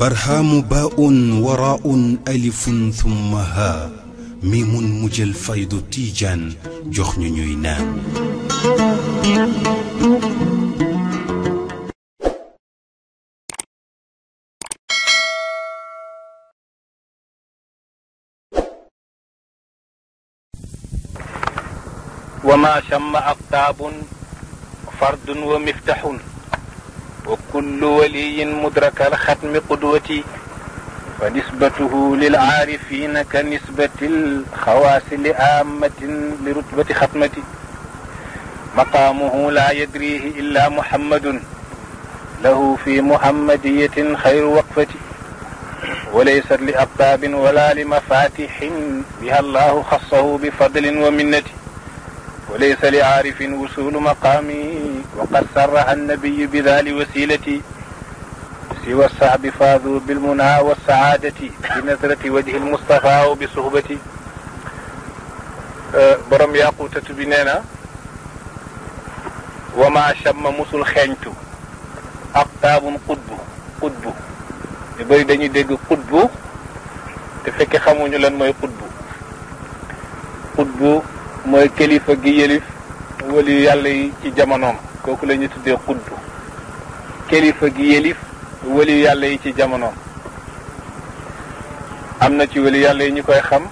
برهام باء وراء ألف ثم ها ميم مجل فيض تيجان جخن نينان وما شم أقطاب فرد ومفتح وكل ولي مدرك الختم قدوتي فنسبته للعارفين كنسبة الخواص لآمة لرتبة ختمتي مقامه لا يدريه إلا محمد له في محمدية خير وقفة وليست لأبواب ولا لمفاتح بها الله خصه بفضل ومنته وليس لعارف وصول مقامي وقد صرح النبي بذلك وسيلتي سوى الصعب فاذوا بالمنى والسعادة بنظرة وجه المصطفى وبصحبتي أه، برم ياقوتة بنينا وما شم مسل خنت أقطاب قدب قدب يبري دني دق قدب تفكي خمون لن ما قدب قدب mooy kilifa gi yëlif wali yàlla yi ci jamonoom kooku la ñu tuddee xuddu kilifa gi yëlif wali yàlla yi ci jamonoom am na ci wallu yàlla yi ñu koy xam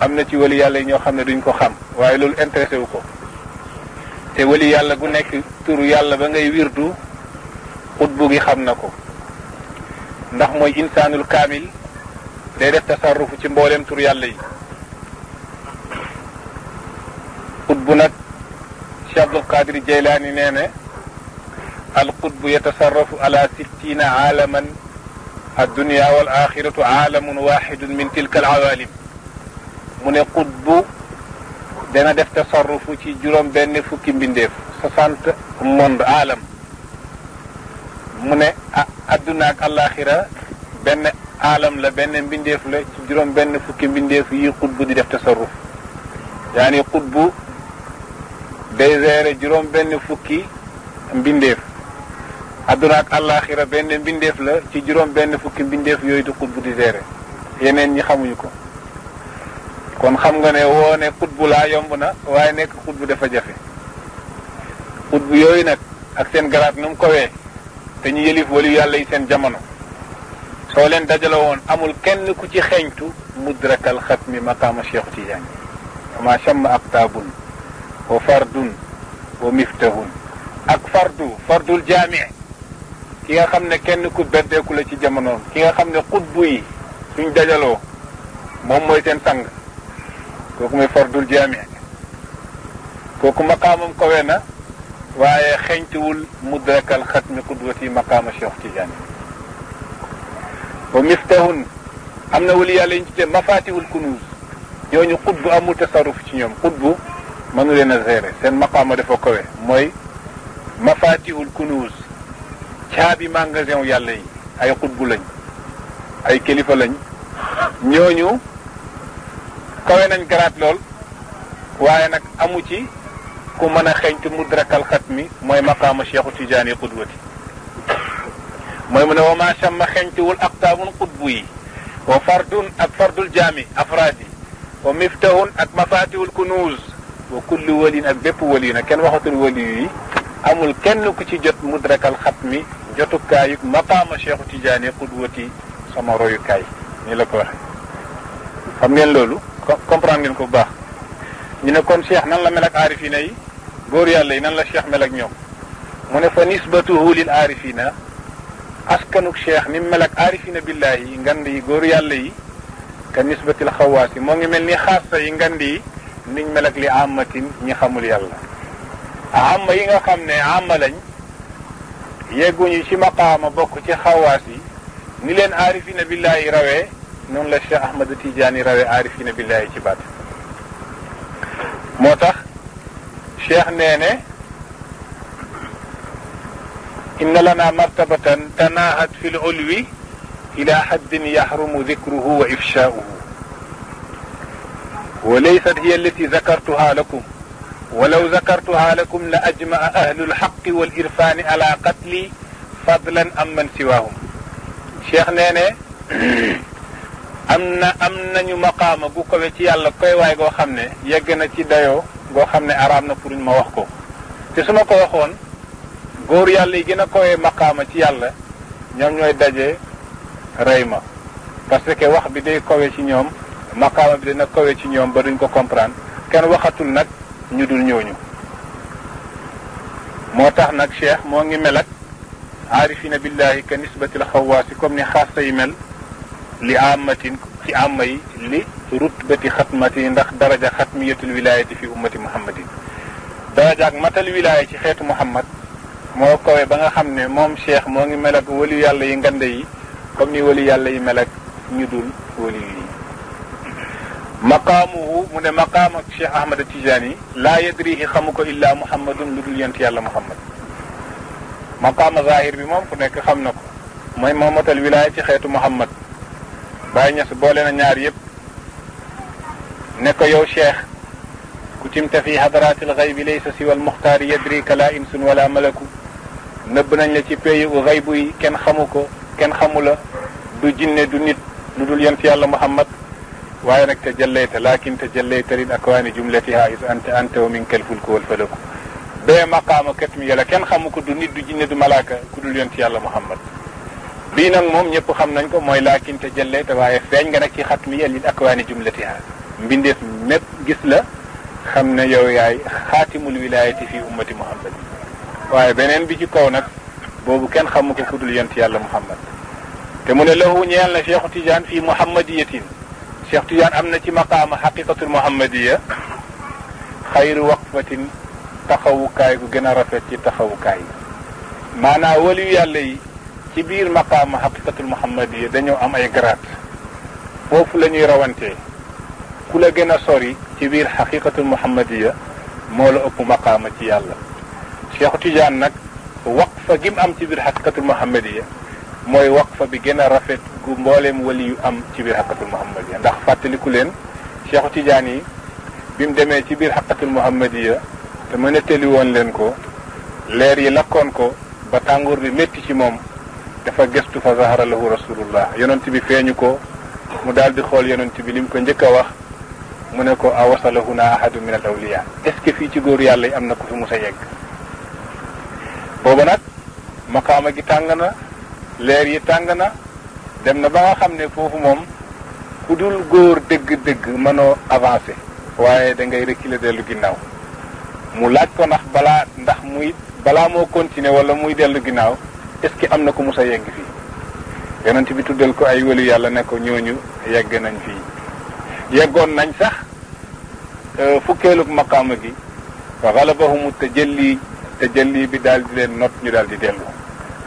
am na ci wali yàlla yi ñoo xam ne duñ ko xam waaye loolu intéressé wu ko te wali yàlla gu nekk tur yàlla ba ngay wiirdu xutbu gi xam na ko ndax mooy insaanul kaamil day def tasarrufu ci mbooleem turu yàlla yi xutbu nag Cheikh Abdul Qadir Jeylaani nee ne al xutbu yatasarrafu ala sittina aalaman addunia wal axiratu aalamun waxidun min tilka al awaalim mu ne xutbu dana def tasarrufu ci juróom benn fukki mbindeef soixante monde aalam mu ne adduna ak alaxira benn aalam la benn mbindeef la ci juróom benn fukki mbindeef yi xutbu di def tasarruf yaani xutbu day weere juróom benn fukki mbindeef adduna ak àllaaxira benn mbindeef la ci juróom benn fukki mbindeef yooyu di xutbu di gérer yeneen ñi xamuñu ko kon xam nga ne woo ne xutbu laa yomb na waaye nekk xutbu dafa jafe xutbu yooyu nag ak seen garaat nu mu kowee te ñu yëlif walu yàlla yi seen jamono soo leen dajale woon amul kenn ku ci xeeñtu mudrakal xatmi maqaama cheikhu tijaani ma chamm aqtaabun wa fardun wa miftahun ak fardu fardul jaami ki nga xam ne kenn ku beddeeku la ci jamonoom ki nga xam ne xutbu yi suñ dajaloo moom mooy seen sang kooku mooy fardul jaami kooku maqaamam kawe na waaye xeñtuwul mudrakal xatmi qudwati maqaama Cheikh Tidiane wa miftahun am na wali yàlla yi ñu tuddee mafaatihul kunuuz ñooñu xutbu amul tasaruf ci ñoom xutbu mënu leen a gérer seen maqaama dafa kawe mooy mafatihul kunuus caabi magasin yàlla yi ay xutbu lañ ay kilifa lañ ñooñu kawe nañ garaat lool waaye nag amu ci ku mën a xeñtu mudrakal xat mi mooy maqaama cheikhu tijaani qudwati mooy mu ne wa maa chamma xeñtuwul aqtaabun qudbu yi wa fardun ak fardul jaami afraad yi wa miftahun ak mafatihul kunuus وكل ولي نك بيب ولي كان واخوت الولي وي امول كين كو سي جوت مدرك الختم جوتو كاي مقام شيخ تيجاني قدوتي سما روي كاي ني لا كو فام نين لولو كومبران نين كو باخ ني نكون شيخ نان لا ملك عارفين اي غور يالله نان لا شيخ ملك نيوم من فنسبته للعارفين أسكنك شيخ من ملك عارفين بالله غاندي غور يالله كنسبة الخواص مونغي ملني خاصة غندي niñ mel ak li àmmatin ñi xamul yàlla àmma yi nga xam ne àmma lañ yegguñu ci maqaama bokk ci xawaas yi ni leen aarifina billaahi rawee noonu la Cheikh Ahmad Tidiane rawee aarifina billaahi ci baat moo tax Cheikh nee ne inna lana martabatan tanaahat fi l ila haddin yahrumu dikruhu wa ifshaauhu walaysat hiya allati zakartuha lakum walaw zakartuha lakum la ajmaa ahlu alxaqi wal irfaani ala qatli fadlan am man siwaahum cheikh nee ne am na am nañu maqaama gu kowe ci yàlla koy waay goo xam ne yegg na ci dayoo goo xam ne araam na pour ñu ma wax ko te su ma ko waxoon góor yàlla yi gën a kowe maqaama ci yàlla ñoom ñooy daje rey ma parce que wax bi day kowe ci ñoom maqaama bi dina kawe ci ñoom ba duñ ko comprendre kenn waxatul nag ñu dul ñooñu moo tax nag cheikh moo ngi mel ak aarifina billahi ka nisbati lxawaasi comme ni xaasa yi mel li amatin ci amma yi li rutbati xatmati ndax daraja xatmiyatul wilayati fi ummati muhammadin daraja ak matal wilaya ci xeetu muhammad moo kowe ba nga xam ne moom cheikh moo ngi mel ak wali yàlla yi ngande yi comme ni wali yàlla yi mel ak ñu dul wali yi مقامه من مقام الشيخ احمد التجاني لا يدريه خمك الا محمد لدل ينتي الله محمد مقام ظاهر بمام كنك خمنك مي مامت الولاية خيط محمد باي نس بولنا نار يب نكو يو شيخ كتمت في حضرات الغيب ليس سوى المختار يدري لا انس ولا ملك نبنا نتي بي غيبي كن خمك كن خمولا دو جن دو نيت لدل ينتي الله محمد واي انك تجليت لكن تجليت للاكوان جملتها اذ انت انت ومنك الفلك والفلك بي مقام كتم يلا كان خمكو دو نيد جي نيد ملائكه كودول يونت يالا محمد بي نك موم نيب خم نانكو موي لكن تجليت واي فين نك كي ختم يلا للاكوان جملتها مبينديس ميب غيس لا خمنا يو ياي خاتم الولايه في امه محمد واي بنين بي جي كو نك بوبو كان خمكو كودول يونت يالا محمد تمون له نيال شيخ تيجان في محمديه Cheikh Tidiane am na ci maqaama xaqiqatul muhammadiya xayru waqfatin taxawukaay gu gën a rafet ci taxawukaay yi maanaam waliyu yàlla yi ci biir maqaama xaqiqatul muhammadiya dañoo am ay garaat foofu la ñuy rawantee ku la gën a sori ci biir xaqiqatul muhammadiya moo la ëpp maqaama ci yàlla Cheikh Tidiane nag waqfa gi mu am ci biir xaqiqatul muhammadiya mooy wax waqfa bi gën a rafet gu mbooleem wali am ci biir xaqatul muhammadiya ndax fàttaliku leen Cheikhu tijaan yi bi mu demee ci biir xaqatul muhammadiya te mën a tëli woon leen ko leer yi lakkoon ko ba tàngoor bi métti ci moom dafa gëstu fa zahara lahu rasulullah yonent bi feeñu ko mu daal di xool yonent bi lim ko njëkk a wax mu ne ko a naa ahadu min al awliya est fii ci góor yàlla yi am na ko fi mu sa yegg booba nag maqaama gi tàng na leer yi tàng na dem na ba nga xam ne foofu moom ku dul góor dëgg-dëgg mënoo avancé waaye da ngay reculer dellu ginnaaw mu laaj ko ndax balaa ndax muy balaa moo continuer wala muy dellu ginnaaw est-ce que am na ko mus a yegg fii yonent bi tuddal ko ay wëlu yàlla ne ko ñooñu yegg nañ fii yeggoon nañ sax euh, fukkeeluk maqaama gi fa te tajalli tajalli bi daal di leen not ñu daal di dellu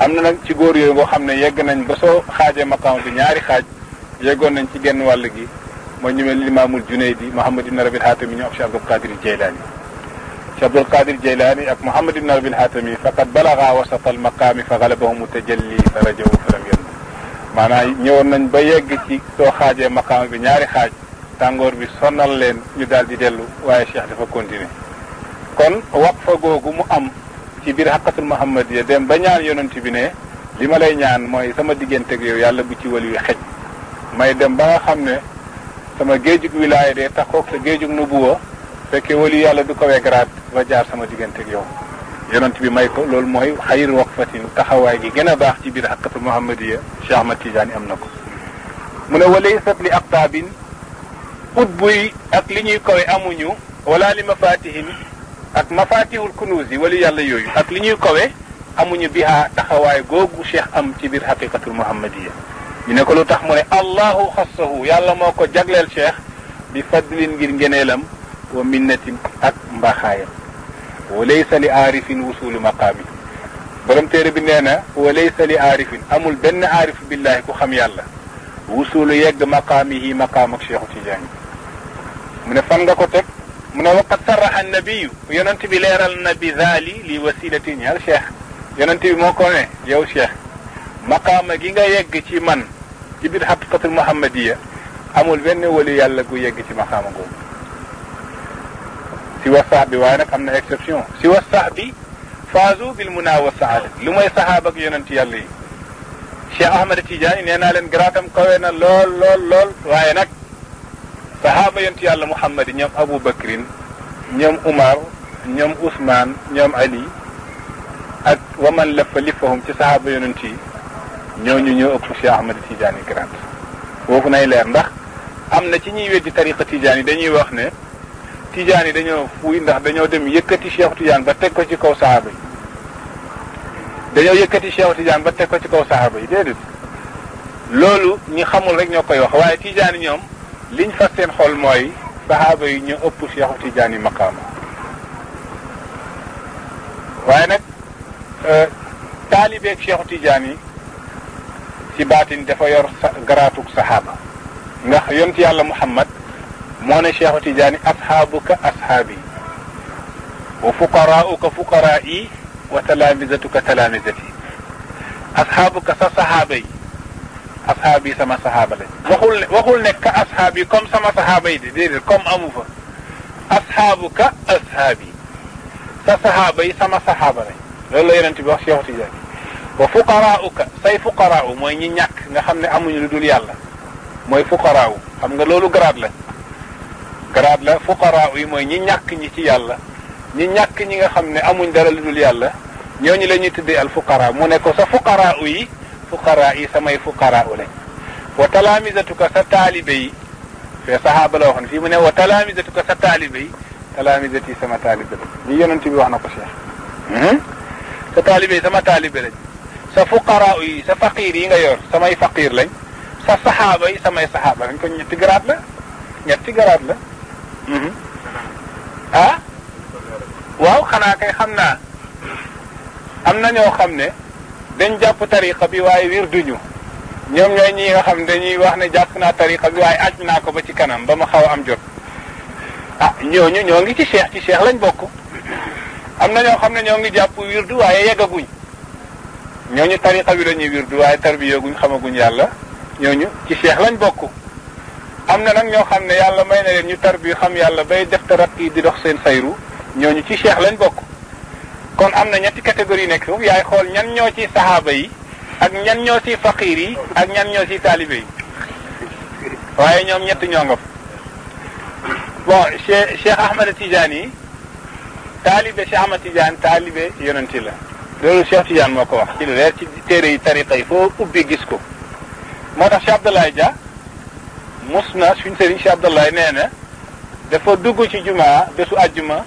am na nag ci góor yooyu nga xam ne yegg nañ ba soo xaajee maqaam bi ñaari xaaj yeggoon nañ ci genn wàll gi mooy ñu mel limaamul Junaydi Muhammad ibn Rabil Hatami ñu ak Cheikh Abdul Qadir Jeylaani Cheikh Abdul Qadir Jeylaani ak Muhammad ibn Rabil Hatami faqad balaga wasata al maqaami fa galabahum tajalli fa rajaw fa lam yenn maanaam ñëwoon nañ ba yegg ci soo xaajee maqaam bi ñaari xaaj tàngoor bi sonal leen ñu daal di dellu waaye Cheikh dafa continuer ci biir xaqatul muhammadiya dem ba ñaan yonent bi ne li ma lay ñaan mooy sama digganteeg yow yàlla bu ci wàllu xej may dem ba xam ne sama géejug wilaaya tax taxoog sa géejug nubuwa fekkee wàllu yàlla du kawee garaat ba jaar sama digganteeg yow. yonent bi may ko loolu mooy xayir waqfatin taxawaay gi gën a baax ci biir xaqatul muhammadiya Cheikh ma Tidiane am na ko. mu ne walay sab li aqtaabin ut buy ak li ñuy kowe amuñu wala li mafatihim ak mafaatihul kunuus yi wali yàlla yooyu ak li ñuy kowe amuñu bihaa taxawaay googu cheikh am ci biir xaqiqatul muhammadiya ñu ne ko lu tax mu ne allahu xassahu yàlla moo ko jagleel cheikh bi fadlin ngir ngeneelam wa minnatin ak mbaaxaayam wa laysa li aarifin wusulu maqaami borom téere bi nee na wa laysa li aarifin amul benn aarif billaahi ku xam yàlla wusulu yegg maqaamihi maqaam ak cheikhu tijaani mu ne fan nga ko teg من وقد صرح النبي ينتبه لير النبي ذالي لوسيلة يا شيخ ينتبه موكونة يا شيخ مقام جينا يجتي من جبير حقيقة المحمدية أمول بني ولي يلقو يجتي مقامه سوى الصحابي وانا كمنا اكسبسيون سوى الصحابي فازوا بالمناوسة لما يصحابك ينتبه يلي شيخ أحمد تيجاني نينا لن قراتم قوينا لول لول لول وانا saxaaba yent yàlla Muhammad yi ñoom Abu Bakrin ñoom Umar ñoom Ousmane ñoom Ali ak waman la fa lifahum ci saxaaba yonent yi ñooñu ñoo ëpp Cheikh Ahmad Tidiane Grande foofu nay leer ndax am na ci ñuy weddi tariqa Tidiane yi dañuy wax ne Tidiane yi dañoo fuy ndax dañoo dem yëkkati Cheikh Tidiane ba teg ko ci kaw saxaaba yi dañoo yëkkati Cheikh Tidiane ba teg ko ci kaw saxaaba yi déedéet loolu ñi xamul rek ñoo koy wax waaye Tidiane ñoom. liñ fas seen xol mooy saxaaba yi ñu ëpp Cheikhu Tidiane maqaama waaye nag taalibeeg Cheikhu Tidiane yi ci baatin dafa yor garaatuk saxaaba ndax yont yàlla Muhammad moo ne Cheikhu Tidiane asxaabuka asxaabi wa fuqaraauka fuqaraa yi wa talaamisatuka talaamisati asxaabuka sa saxaaba yi ashabi sama saxaaba lañ waxul waxul ne ka ashabi comme sama saxaaba yi de déedéet comme amu fa asxaabu ashabi asxaabi sa saxaaba yi sama saxaaba lañ loolu la yonent bi wax Cheikh Tidiane wa fuqaraawu ka say fuqaraawu mooy ñi ñàkk nga xam ne amuñu lu dul yàlla mooy fuqaraawu xam nga loolu grade la grade la fuqaraawu yi mooy ñi ñàkk ñi ci yàlla ñi ñàkk ñi nga xam amuñ dara dul yàlla ñooñu la ñuy tuddee al fuqaraa mu ne ko sa fuqaraawu yi fuqaraa yi samay fuqaraa u sa taalibe yi fee saxaaba la fii mu ne wa talaamisatuka sa taalibe yi talaamisati sama taalibe lañ li wax na ko Cheikh hmm? sa taalibe yi sama taalibe lañ sa fuqaraa yi nga yor samay faqiir lañ sa saxaaba yi samay saxaaba lañ ko ñetti garaat la ñetti garaat la hmm? ah? xanaa kay xam naa am na ñoo xam ne dañ jàpp tariqa bi waaye wirduñu ñoom ñooy ñi nga xam dañuy wax ne jàpp naa tariqa bi waaye aj naa ko ba ci kanam ba ma xaw a am jot ah ñooñu ñoo ngi ci cheikh ci cheikh lañ bokk am na ñoo xam ne ngi jàpp wirdu waaye yeggaguñ ñooñu tariqa bi dañuy wirdu waaye tarbiyoguñ xamaguñ yàlla ñooñu ci cheikh lañ bokk am na nag ñoo xam ne yàlla may na leen ñu tarbi xam yàlla bay def taraqi di dox seen sayru ñooñu ci cheikh lañ bokk kon am na ñetti catégorie nekk foofu yaay xool ñan ñoo ci saxaaba yi ak ñan ñoo ci faqiir yi ak ñan ñoo ci taalibe waaye ñoom ñetti ñoo nga bon Ahmed Tidiane yi taalibe Cheikh Ahmed Tidiane taalibe yonenti la loolu Cheikh Tidiane moo ko wax ci lu leer ci téere yi tariqa yi foo ubbi gis ko moo tax Cheikh Abdoulaye Dia mus na suñ sëriñ Cheikh Abdoulaye nee na dafa dugg ci jumaa bésu àjjuma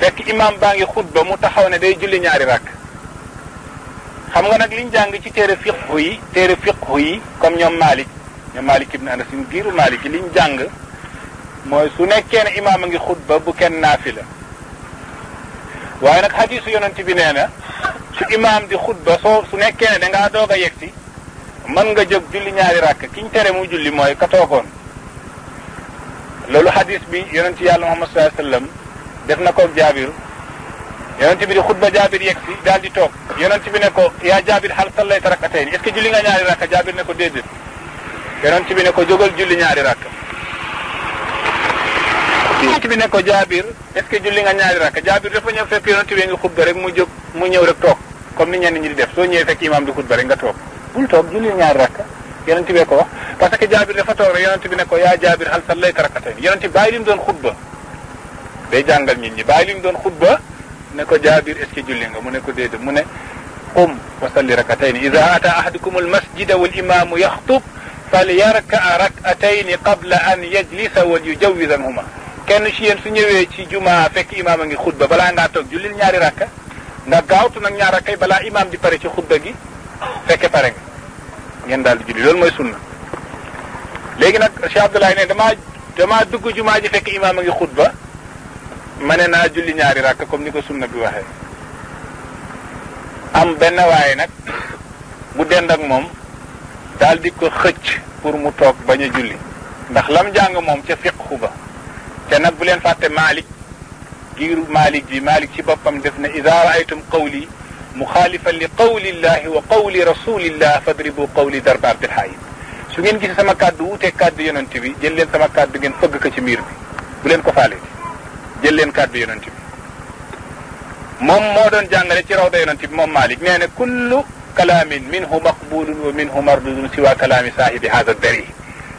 fekk imaam baa ngi xutba mu taxaw ne day julli ñaari ràkk xam nga nag liñ jàng ci téere fiqhu yi téere fiqhu yi comme ñoom Malik ñoom Malik ibn Anas suñu giiru Malik yi liñ jàng mooy su nekkee ne imaam a ngi xutba bu kenn naafi la waaye nag xadiisu yonent bi nee na su imaam di xutba soo su nekkee ne da ngaa doog a yegsi mën nga jóg julli ñaari ràkk kiñ tere mu julli mooy ka loolu xadiis bi yonent yàlla Muhammad sallallahu alayhi wa sallam def na koog jaabir yonent bi di xutba jaabir yegg si daal di toog yonent bi ne ko yaa jaabir xal sallayta rakatayni est-ce que julli nga ñaari rakka jaabir ne ko déedéet yonent bi ne ko jógal julli ñaari rakka bi ne ko jaabir est-ce que julli nga ñaari rakka jaabir dafa mu mu ñëw rek toog comme ni ñenn ñi di def soo ñëwee fekk imaam di xutba rek nga toog bul toog julli ñaari rakka yonent bee ko wax parce que jaabir dafa toog rek yonent bi ne ko yaa jaabir xal sallayta rakatayni yonent bàyyi li mu doon xutba day jàngal nit ñi bàyyi li mu doon xutba ne ko jaabir est ce que julli nga mu ne ko déedéet mu ne qum wa salli rakatayn ida ata ahadukum al masjid almasjida imam yaxtub falyarkaa rakatayn qabla an yajlisa wa huma kenn ci yéen su ñëwee ci juma fekk imam a ngi xutba balaa ngaa toog jullil ñaari rakka nga gaawtu nag ñaar rakkay balaa imam di pare ci xutba gi fekke pare nga ngeen daal di julli loolu mooy sunna léegi nag Cheikh Abdoulaye ne dama dama dugg jumaa ji fekk imam a ngi xutba mane naa julli ñaari rakk comme ni ko sunna bi waxee am benn waaye nag bu dend ak moom daal di ko xëcc pour mu toog bañ a julli ndax lam jàng moom ca fiqhu ba te nag bu leen fàtte Malik giiru Malik ji ci boppam def na ida raaytum qawli muxaalifan li qawlillahi wa qawli rasulillah fadribu qawli darbatil xaayib su ngeen gisee sama kàddu wuutee kàddu yonent bi jël leen sama kàddu ngeen fëgg ko ci miir bi bu leen ko faale jël leen kàddu yonent bi moom moo doon jàngale ci rawda yonent bi moom Malik nee ne kullu kalaamin minhu maqbulun wa minhu mardudun siwa kalaami saahibi haada dari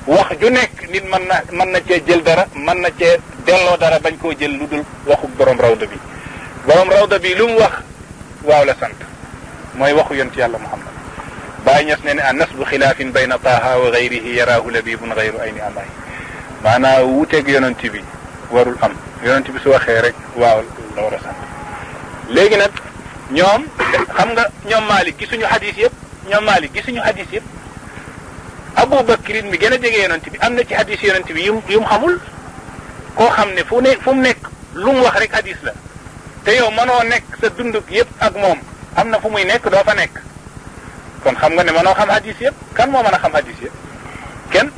wax ju nekk nit mën na mën na cee jël dara mën na cee delloo dara bañ koo jël lu dul waxu borom rawda bi borom rawda bi lu mu wax waaw la sant mooy waxu yonent yàlla Muhammad bàyyi ñes ne ne an nasbu xilaafin bayna taaha wa gayrihi yaraahu labibun gayru ayni amay maanaa wuteeg yonent bi warul am yonent bi su waxee rek waaw la war léegi nag ñoom xam nga ñoom Maalik gisuñu xadis yëpp ñoom Maalik gisuñu xadis yëpp Abu Bakr bi gën a jege yonent bi am na ci xadis yonent bi yum yu mu xamul koo xam ne fu ne fu mu nekk lu mu wax rek xadis la te yow mënoo nekk sa dund yëpp ak moom am na fu muy nekk doo fa nekk kon xam nga ne mënoo xam xadis yëpp kan moo mën a xam xadis yëpp kenn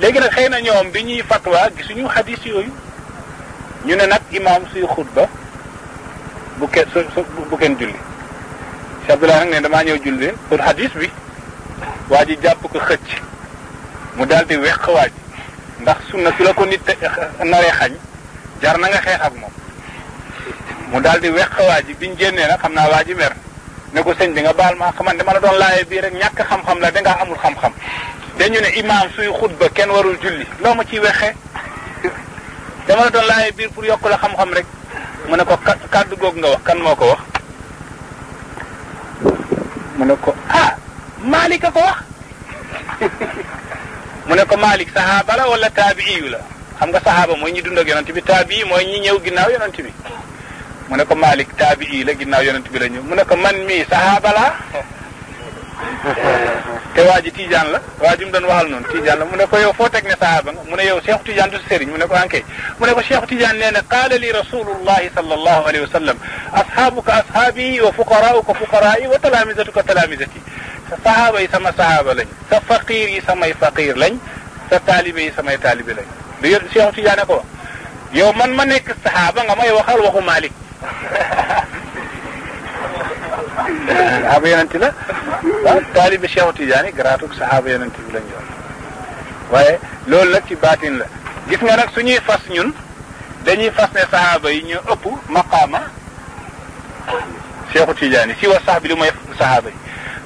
léegi nag xëy na ñoom bi ñuy fatwa gisuñu xadis yooyu ñu ne nag imaam suy xutba bu kenn bu kenn julli Cheikh Abdoulaye nag ne damaa ñëw julli pour hadis bi waa ji jàpp ko xëcc mu daal di weq waa ji ndax sunna su la ko nit naree xañ jar na nga xeex ak moom mu daal di weq waa ji bi biñ génnee nag xam naa waa ji mer ne ko sëñ bi nga baal maa xaman dama la doon laaye bii rek ñàkk xam-xam la dangaa amul xam-xam dañu ne imaam suy ba kenn warul julli loo ma ciy wexe dama la doon laajee biir pour yokk la xam-xam rek mu ne ko kàddu googu nga wax kan moo ko wax mu ne ko ah Malik a ko wax mu ne ko Malik saxaaba la wala taabiiyu la xam nga saxaaba mooy ñi dund ak yonent bi taabii mooy ñi ñëw ginnaaw yonent bi mu ne ko Malik taabii la ginnaaw yonent bi la ñëw mu ne ko man mii saxaaba laa te waa ji Tijaan la waa ji mu doon waxal noonu Tijaan la mu ne ko yow foo teg ne sahaaba nga mu ne yow Cheikh Tijaan du sëriñ mu ne ko ankay mu ne ko Cheikh Tijaan nee na qaala li rasulullahi sallallahu alayhi wa sallam ashaabuka ashaabi wa fuqaraauka fuqaraai wa talaamisatuka talaamisati sa sahaaba yi sama sahaaba lañ sa faqiir yi samay faqiir lañ sa taalibe yi samay taalibe lañ du yéen Cheikh Tijaan ko wax yow man ma nekk sahaaba nga may waxal waxu Malik saxaaba yonent la waaw ah, taalibi Cheikh Tidiane saxaaba yonent bi lañ yor waaye loolu nag ci baatin la gis nga nag suñuy fas ñun dañuy fas ne saxaaba yi ñu ëpp maqaama Cheikh Tidiane si wa sax bi lu mooy saxaaba yi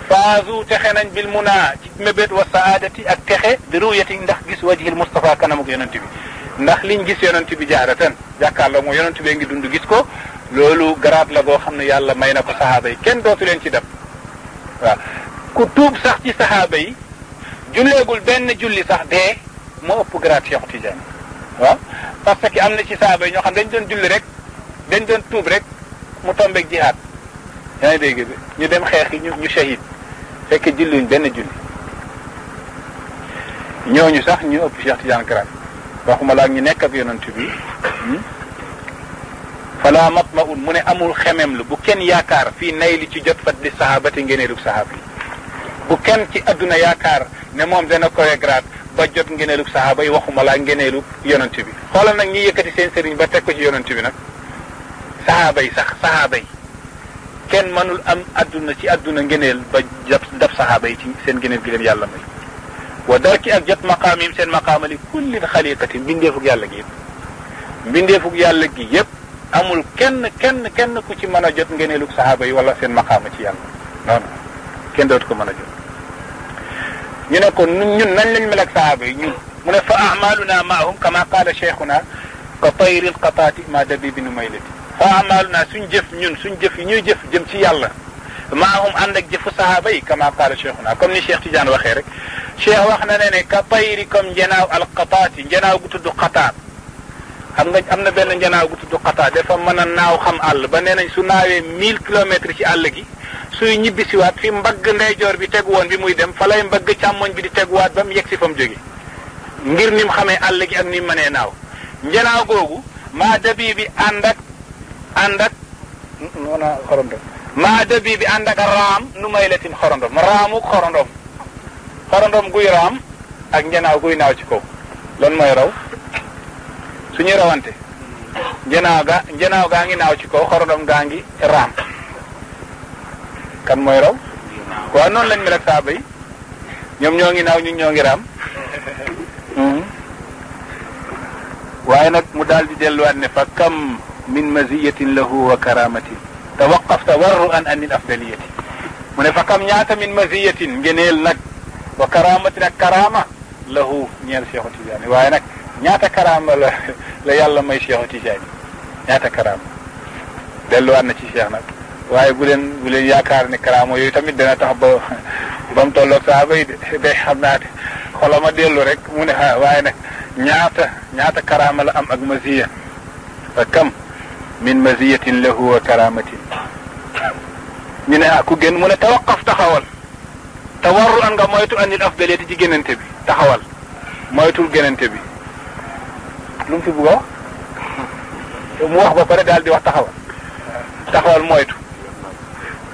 faazu texe nañ bil munaa ci mébét wa saadati ak texe bi ruyati ndax gis wajhil Moustapha kanamuk yonent bi ndax liñ gis yonent bi jaaratan jàkkaarloo moo yonent bee ngi dund gis ko loolu garaat la goo xam ne yàlla may na ko saxaaba yi kenn dootu leen ci dem waaw ku tuub sax ci saxaaba yi julleegul benn julli sax dee moo ëpp garaat Cheikh Tidiane waaw parce que am na ci saxaaba yi ñoo xam dañ doon julli rek dañ doon tuub rek mu tombeeg jihaad yaa ngi dégg ñu dem xeex yi ñu ñu shahid fekk julliwuñ benn julli ñu sax ñu ëpp Cheikh Tidiane garaat waxuma la ak ñu nekk ak yonent bi hmm? fala matma un mu ne amul xemem lu bu kenn yaakaar fii nay li ci jot fat li sahabati ngeneelug sahaaba yi bu kenn ci adduna yaakaar ne moom dana kowe grade ba jot ngeneelug sahaaba yi waxuma laa ngeneelug yonent bi xoolal nag ñiy yëkkati seen sëriñ ba teg ko ci yonent bi nag sahaaba yi sax sahaaba yi kenn mënul am adduna ci adduna ngeneel ba dab sahaaba yi ci seen ngeneel gi leen yàlla may wa darki ak jot maqaam seen maqaamali kullin xaliqatin bindeefug yàlla yàlla gi yëpp amul kenn kenn kenn ku ci mën a jot ngeneelug sahaba yi wala seen maqaama ci yàlla non kenn doot ko mën a jot ñu ne ko ñun nañ lañ mel sahaba yi ñun mu ne fa a'maluna ma'ahum kama qala shaykhuna ka tayri alqatati ma dabi bi numaylati fa a'maluna suñ jëf ñun suñ jëf yi ñuy jëf jëm ci yàlla maahum ànd ak jëfu sahaba yi kama qala cheikhuna comme ni cheikh tidiane waxee rek cheikh wax na ne ne ka tayri comme njenaaw alqataati njenaaw gu tudd qataat xam nga am na benn njanaaw gu tudd xataa dafa mën a naaw xam àll ba nee nañ su naawee 1000 kilomètres ci àll gi suy ñibbisiwaat fi mbagg ndeyjoor bi tegu woon bi muy dem fa lay mbagg càmmoñ bi di teguwaat ba mu yegg si fa mu jóge ngir ni xamee àll gi ak ni mu naaw njanaaw googu maa dabi bi ànd ak ànd ak xorondom maa dabi bi ànd ak raam nu may letin xorondom raamu xorondom xorondom guy raam ak njanaaw guy naaw ci kaw lan mooy raw suñu rawante njanaaw ga njanaaw gaa ngi naaw ci kaw xorodom gaa ngi raam kan mooy raw waaw noonu lañ mel ak ñoom ñoo ngi naaw ñun ñoo ngi raam mhm. waaye nag mu daal di delluwaat ne fa kam min maziyatin lahu wa karamatin tawaqafta warru an anil afdaliyati mu ne fa kam ñaata min maziyatin ngeneel nag wa karamatin ak karama lahu ñeel Cheikhu Tidiane waaye nag ñaata karaama la la yàlla may Cheikhu Tijaani ñaata karaama delluwaat na ci Cheikh nag waaye bu leen bu leen yaakaar ne karaama yooyu tamit dana tax ba ba mu tolloog saa bay day xam naa ne xolama dellu rek mu ne ah waaye nag ñaata ñaata karaama la am ak maziya fa kam min maziyatin lahu wa karamatin ñu ne ah ku génn mu ne tawaqaf taxawal tawarru an nga moytu anil afdaliyati ci génante bi taxawal moytul génante bi lu mu fi bëgg a wax mu wax ba pare daal di wax taxawal taxawal moytu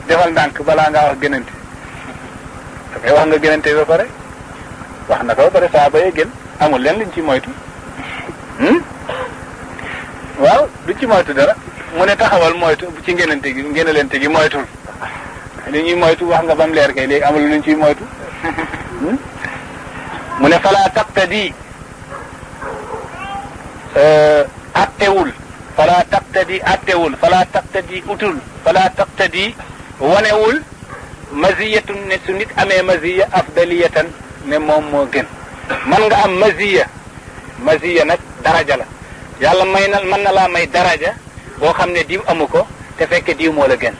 defal ndànk balaa ngaa wax gënante dangay wax nga gënante ba pare wax na ko ba pare saa bayee gën amul leen liñ ci moytu hmm? waaw du ci moytu dara mu ne taxawal moytu ci ngénante gi ngénalente gi moytul li ñuy moytu wax nga ba mu leer kay léegi amul ciy moytu hmm? ne falaa taqtadi attewul fala taqtadi attewul fala taqtadi utul fala taqtadi wanewul maziyatun ne su nit amee maziya afdaliyatan ne moom moo gën man nga am maziya maziya nag daraja la yàlla may na mën na laa may daraja boo xam ne diw amu ko te fekke diw moo la gën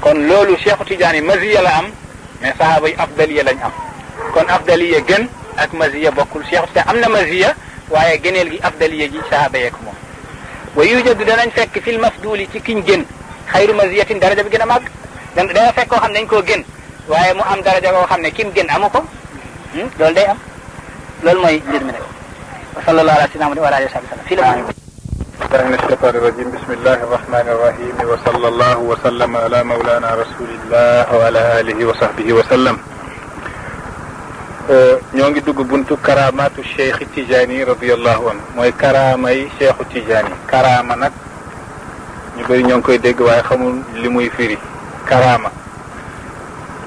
kon loolu cheikhu tidiane maziya la am mais sahaba yi afdaliya lañ am kon afdaliya gën ak maziya bokkul cheikhu tidiane am na maziya waaye geneel gi afdaliya ji sahaaba yeeg moom wa yujadu danañ fekk fil mafduli ci kiñ gën xayru maziyatin daraja bi gën a màgg dana fekk koo xam ne dañ koo gën waaye mu am daraja koo xam ne kim gën amu ko loolu day am loolu mooy mbir mi rek wa sallallahu ala sayyidina wa ala alihi wa sallam fii la من الشيطان الرجيم بسم الله الرحمن الرحيم وصلى الله وسلم على مولانا رسول الله وعلى آله وصحبه وسلم Euh, ñoo ngi dugg buntu karaamaatu cheikh Tijaani radiyallahu anhu mooy karaamay cheikhu Tijaani karaama nag ñu bëri ñoo ngi koy dégg waaye xamul li muy firi karaama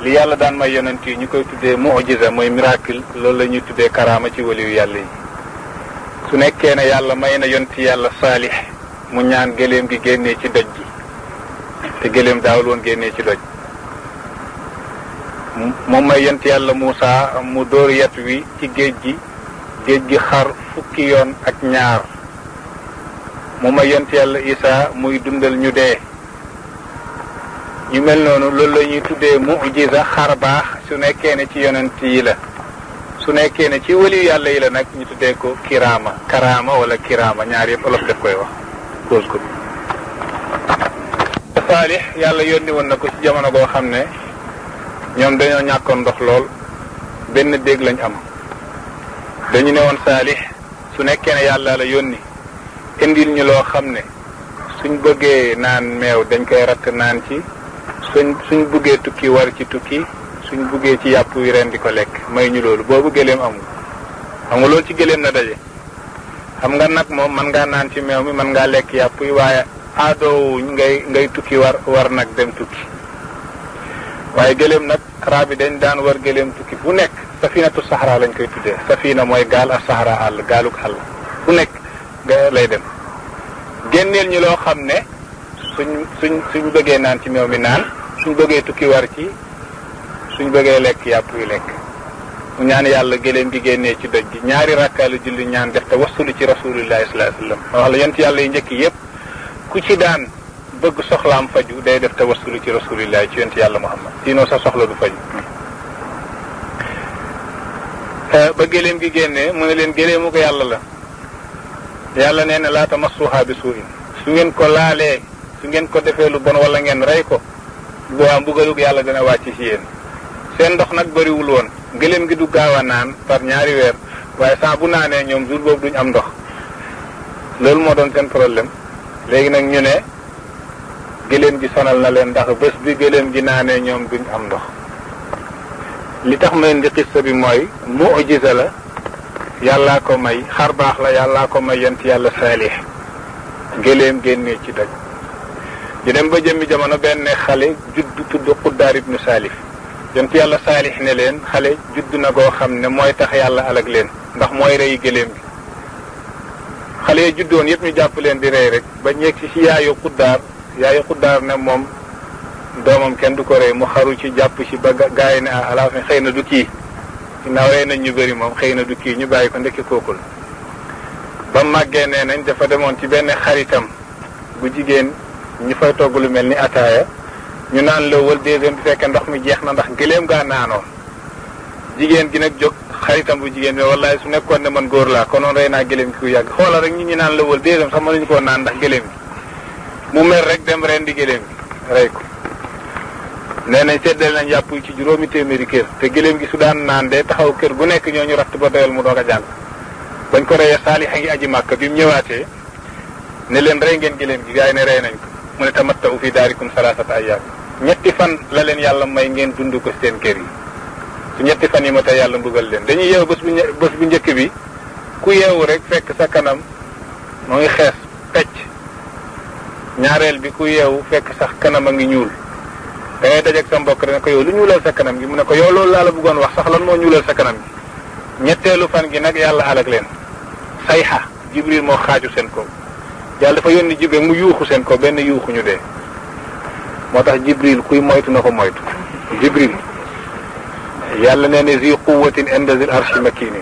li yàlla daan may yonent yi ñu koy tuddee mujiza mooy miracle loolu la ñuy tuddee karaama ci waliyu yàlla yi su nekkee ne yàlla may na yonent yàlla saalix mu ñaan gëléem gi génnee ci doj gi te gëléem daawul woon génnee ci doj moom may yent yàlla Moussa mu dóor yat wi ci géej gi géej gi xar fukki yoon ak ñaar moom may yent yàlla Isa muy dundal ñu dee ñu mel noonu loolu la ñuy tuddee mujiza xar baax su nekkee ne ci yonent yi la su nekkee ne ci waliyu yàlla yi la nag ñu tuddee ko kiraama karaama wala kiraama ñaar yëpp olof def koy wax cause ko saalix yàlla yónni woon na ko ci jamono boo xam ne ñoom dañoo ñàkkoon ndox lool benn déeg lañ am dañu ne woon saalix su nekkee ne yàlla la yónni indil ñu loo xam ne suñ bëggee naan meew dañ koy ratt naan ci suñ suñ bëggee tukki war ci tukki suñ bëggee ci yàpp wi ren di ko lekk may ñu loolu boobu gëléem amul xam nga loolu ci gëléem na daje xam nga nag moom mën ngaa naan ci meew mi mën ngaa lekk yàpp yi waaye aadoowu ngay ngay tukki war war nag dem tukki waaye gëléem nag arab yi dañ daan war gëléem tukki bu nekk safinatu saxara lañ koy tuddee safina mooy gaal ak saxara àll gaaluk àll bu nekk nga lay dem génneel ñi loo xam ne suñ suñ suñ bëggee naan ci meew mi naan suñ bëggee tukki war ci suñ bëggee lekk yàpp yu lekk mu ñaan yàlla gëléem gi génnee ci doj gi ñaari rakkaalu julli ñaan def te wasulu ci rasulillahi sallallahu alayhi wax la yent yàlla yu njëkk yépp ku ci daan bëgg soxlaam faju day def tawassulu ci rasulillahi ci yonent yàlla muhammad sinon sa soxla du faju hmm. eh, ba gëléem gi génnee mu ne leen géléemu ko yàlla la yàlla nee na ma suuxaa bi suu'in su ngeen ko laalee su ngeen ko defee lu bon wala ngeen rey ko boobaa mbugalug yàlla dina wàcc ci yéen seen ndox nag bariwul woon gëléem gi du gaaw a naan par ñaari weer waaye saa bu naanee ñoom jour boobu duñ am ndox loolu moo doon seen problème léegi nag ñu ne gelen gi sonal na len ndax bés bi gelen gi nané ñom duñ am ndox li tax may ndi xissa bi mooy mujiza la yalla ko may xar la yalla ko may yent yàlla salih gëléem genné ci daj di dem ba jëmmi jamono benn xale judd tudd xuddaar ibn saalif yent yàlla salih ne len xale judd na go xamne moy tax yàlla alak len ndax moy reey gëléem xale juddoon yëpp ñu jàpp leen di rey rek ba ñeeg si si yaayu yaayu xuddaar ne moom doomam kenn du ko rey mu xaru ci jàpp ci ba gaa yi ne ah ala xëy na du kii ginnaaw rey nañ ñu bëri moom xëy na du kii ñu bàyyi ko ba màggee nee nañ dafa demoon ci benn xaritam bu jigéen ñu fay togg lu mel ni ataaya ñu naan lëwal deuxième bi fekkee ndox mi jeex na ndax gëléem gaa naanoon jigéen gi nag jóg xaritam bu jigéen bi wallaay su nekkoon ne man góor laa konoon rey naa gëléem gi ku yàgg xoolal rek ñi ñu naan lëwal deuxième sax mënuñu koo naan ndax gëléem mu mer rek dem rendi gëléem gi rey ko nee nañ seddal nañ yàpp yi ci juróomi téeméeri kër te gëléem gi su daan naan day taxaw kër bu nekk ñoo ñu ratt ba doyal mu doog a jàll bañ ko reyee saalix a ngi aji màkk bi mu ñëwaatee ne leen rey ngeen gëléem gi gars yi ne rey nañ ko mu ne tamattaw fii daarikum salaasata ayyaam ñetti fan la leen yàlla may ngeen dund ko seen kër yi su ñetti fan yi ma tey yàlla mbugal leen dañuy yeewu bés bu bu njëkk bi ku yeewu rek fekk sa kanam mu ngi xees ñaareel bi ku yeewu fekk sax kanam a ngi ñuul da ngay dajeeg sa mbokk dana ko yow lu ñuulal sa kanam gi mu ne ko yow loolu laa la bëggoon wax sax lan moo ñuulal sa kanam gi ñetteelu fan gi nag yàlla alag leen sayxa jibril moo xaaju seen kaw yàlla dafa yónni jibril mu yuuxu seen kaw benn yuuxu ñu dee moo tax jibril kuy moytu na ko moytu jibril yàlla nee ne zi quwatin inda zil arshi makini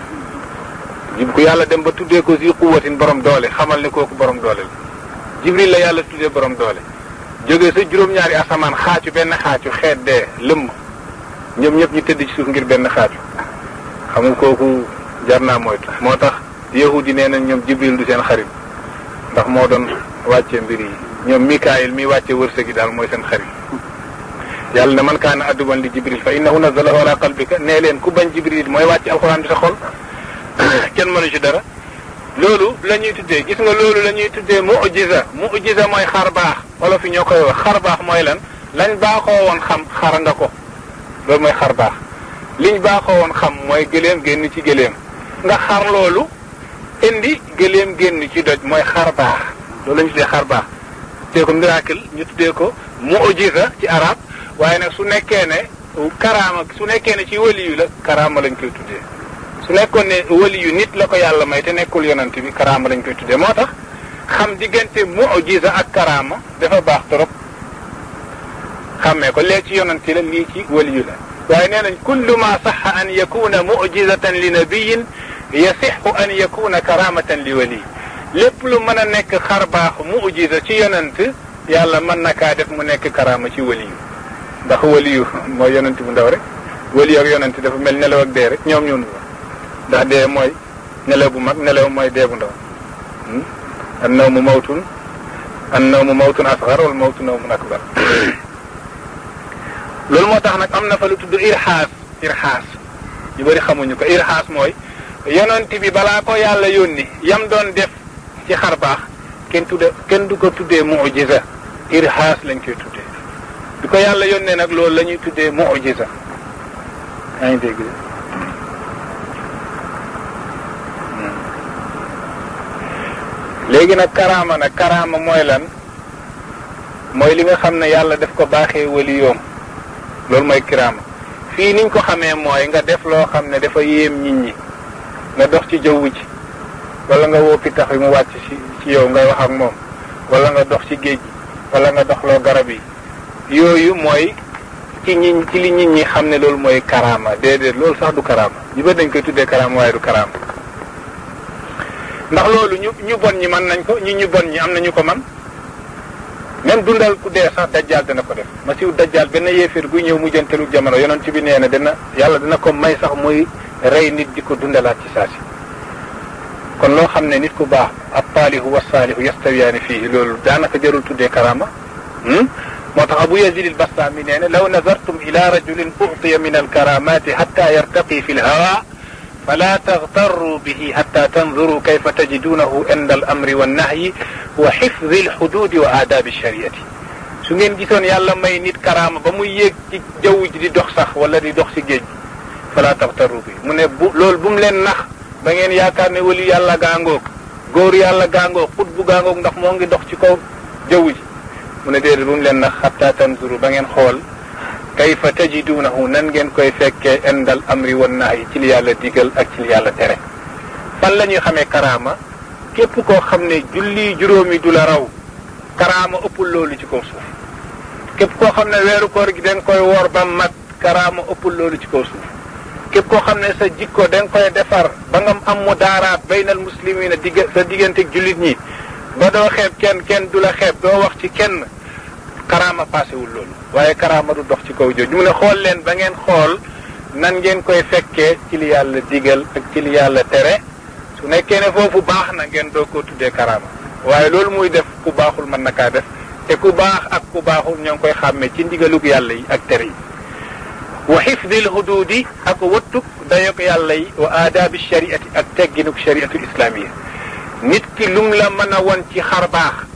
ku yàlla dem ba tuddee ko zi quwatin borom doole xamal ne kooku borom doole jibril la yàlla tuddee borom doole jógee sa juróom-ñaari asamaan xaacu benn xaacu xeet de lëmm ñoom ñëpp ñu tëdd ci suuf ngir benn xaacu xam nga kooku jar naa moytu moo tax yahud yi nee nañ ñoom jibril du seen xarit ndax moo doon wàcce mbir yi ñoom mikaayil mi wàcce wërsëg yi daal mooy seen xarit yàlla ne man kaana adduban li jibril fa innahu nazalahu ala qalbika nee leen ku bañ jibril mooy wàcce alxuraan bi sa xol kenn mënu ci dara loolu la ñuy tuddee gis nga loolu la ñuy tuddee mujiza mujiza mooy xar baax wala fi ñoo koy wax xar baax mooy lan lañ baaxoo woon xam xar nga ko loolu mooy xar baax liñ baaxoo woon xam mooy gëleem génn ci gëleem nga xar loolu indi gëleem génn ci doj mooy xar baax loolu lañ ñu tuddee xar baax tuddee ko miracle ñu tuddee ko mujiza ci arab waaye nag su nekkee ne karaama su nekkee ne ci wëli yu la karaama lañ koy tuddee su nekkoon ne wali yu nit la ko yàlla may te nekkul yonant bi karaama lañ koy tuddee moo tax xam diggante mujiza ak karaama dafa baax trop xàmmee ko lee ci yonanti la lii ci waliyu la waaye nee nañ kullu ma saxa an yakuna mujizatan li nabiyin yasixu an yakuna karamatan li wali lépp lu mën a nekk xar baax mujiza ci yonant yàlla mën na kaa def mu nekk karaama ci waliyu ndax waliyu mooy yonanti bu ndaw rek waliyu ak yonanti dafa mel nelaw ak dee rek ñoom ñoo ndax dee mooy nelaw bu mag nelaw mooy dee bu ndaw hmm? an naw mu mawtun an naw mu mawtun asxar wala mawtu loolu moo tax nag am na fa lu tudd irxaas irxaas ñu bëri xamuñu ko irxaas mooy yonent bi balaa ko yàlla yónni yam doon def ci xar baax kenn tudde kenn du ko tuddee mujiza irxaas lañ koy tuddee du ko yàlla yónnee nag loolu la ñuy tuddee mujiza yaa ngi dégg léegi nag karaama nag karaama mooy lan mooy li nga xam ne yàlla def ko baaxee wali yoom loolu mooy kiraama fii niñ ko xamee mooy nga def loo xam ne dafa yéem nit ñi nga dox ci jaww ji walla nga woo pitax yi mu wàcc ci ci yow ngay wax ak moom wala nga dox ci géej gi wala nga doxloo garab yi yooyu mooy ci ñi ci li nit ñi xam ne loolu mooy karaama déedéet loolu sax du karaama ñu ba dañ koy tuddee karaama waaye du karaama ndax loolu ñu ñu bon ñi man nañ ko ñi ñu bon ñi am nañu ko man même dundal ku dee sax dajjal dana ko def ma siw dajjal benn yéeféer guy ñëw mujjantelu jamono yonon ci bi nee na dana yàlla dana ko may sax muy rey nit di ko dundalaat ci saasi kon loo xam ne nit ku baax ab paalihu wa saalihu yastawiyaani fii loolu daanaka jarul tuddee karama moo tax abu yazid albastami nee na law nazartum ila rajulin uutiya min alkaramati hatta yartaqi fi lhawa فلا تغتروا به حتى تنظروا كيف تجدونه عند الامر والنهي وحفظ الحدود واداب الشريعه سونين جيتون يالا ماي نيت كرام باموي ييك تي جو دي دوخ صح ولا دي دوخ سي جيج فلا تغتروا به من لول بوم لين نخ با نين ياكار ولي يالا غانغوك غور يالا غانغوك خوت بو غانغوك نخ موغي دوخ سي كو جو من دير بوم لين نخ حتى تنظروا با نين خول kayfa tajiduunahu nan ngeen koy fekkee indal am wan nahyi ci li yàlla digal ak ci li yàlla tere fan lañuy xamee karaama képp koo xam ne julli juróomi du la raw karaama ëppul loolu ci kaw suuf képp koo xam ne weeru koor gi koy woor ba mat karaama ëppul loolu ci kaw képp koo xam ne sa jikko dañ koy defar ba nga am mu daaraat baynal muslimina digg sa digganteeg jullit ñi ba doo xeeb kenn kenn du la xeeb doo wax ci kenn karaama paasewul loolu waaye karaama du dox ci kaw jooju mu ne xool leen ba ngeen xool nan ngeen koy fekkee ci li yàlla digal ak ci li yàlla tere su nekkee ne foofu baax na ngeen doo ko tuddee karaama waaye loolu muy def ku baaxul mën na kaa def te ku baax ak ku baaxul ñoo ngi koy xàmmee ci ndigalug yàlla yi ak tere yi wa xifdil huduudi ak wattuk dayok yàlla yi wa aadaabi shariati ak tegginuk shariatul islaamiya nit ki lum la mën a won ci xar baax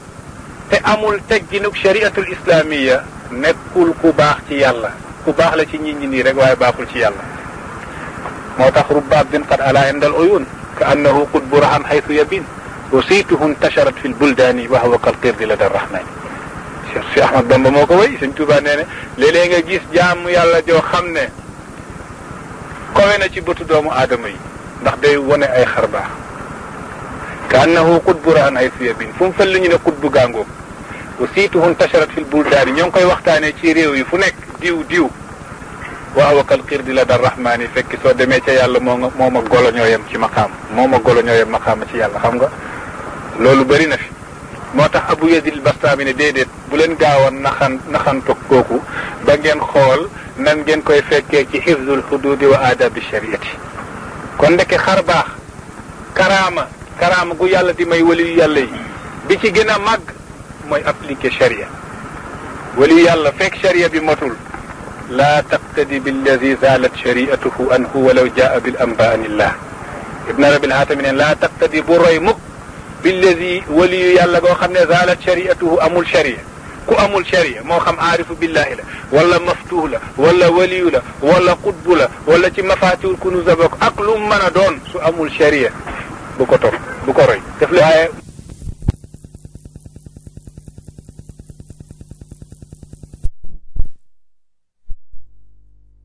te amul tegginuk shari'atul islamiyya nekkul ku baax ci yàlla ku baax la ci nit ñi nii rek waaye baaxul ci yàlla moo tax rubba bin qad ala indal uyun ka annahu qudbu rahan haythu yabin وصيته انتشرت في البلدان وهو كالقرد لدى الرحمن شيخ احمد بن مو كو وي سيغ توبا نينا ليلي nga gis jaam yalla jo xamne kowe na ci bëtu doomu aadama yi ndax day wone ay xarbaax ka annahu qudbu rahan haythu yabin fu mu fel ñu ne qudbu gangoog وسيته انتشرت في البلدان يوم كي وقت أنا يشيري ويفنك ديو ديو واهو كالقرد لدى الرحمن فك سوى دميتا يالا موما قولو نيو يم كي مقام موما قولو نيو يم مقام كي يالا خمغا لولو برينا في موتا أبو يزيل البسطة من ديدت بلن قاوة نخان نخان توقوكو بانجين خول نانجين كي فكي كي حفظ الحدود وآداب الشريعة كون دكي خرباخ كرامة كرامة قو يالا دي ما يولي يالي بيكي جنا مقر mooy appliquer sharia wali yàlla fekk sharia bi matul la taqtadi billadi zalat chariatuhu anhu walaw jaa bil ambaanillah ibn arabil haatami neen laa taqtadi bu roy mukk billadi waliyu yàlla goo xam ne zalat shariatuhu amul sharia ku amul sharia moo xam aarifu billahi la wala maftuh la wala waliyu la wala qutbu la wala ci mafatihul kunuz la bokk ak lu mën a doon su amul sharia bu ko topp bu ko roy def la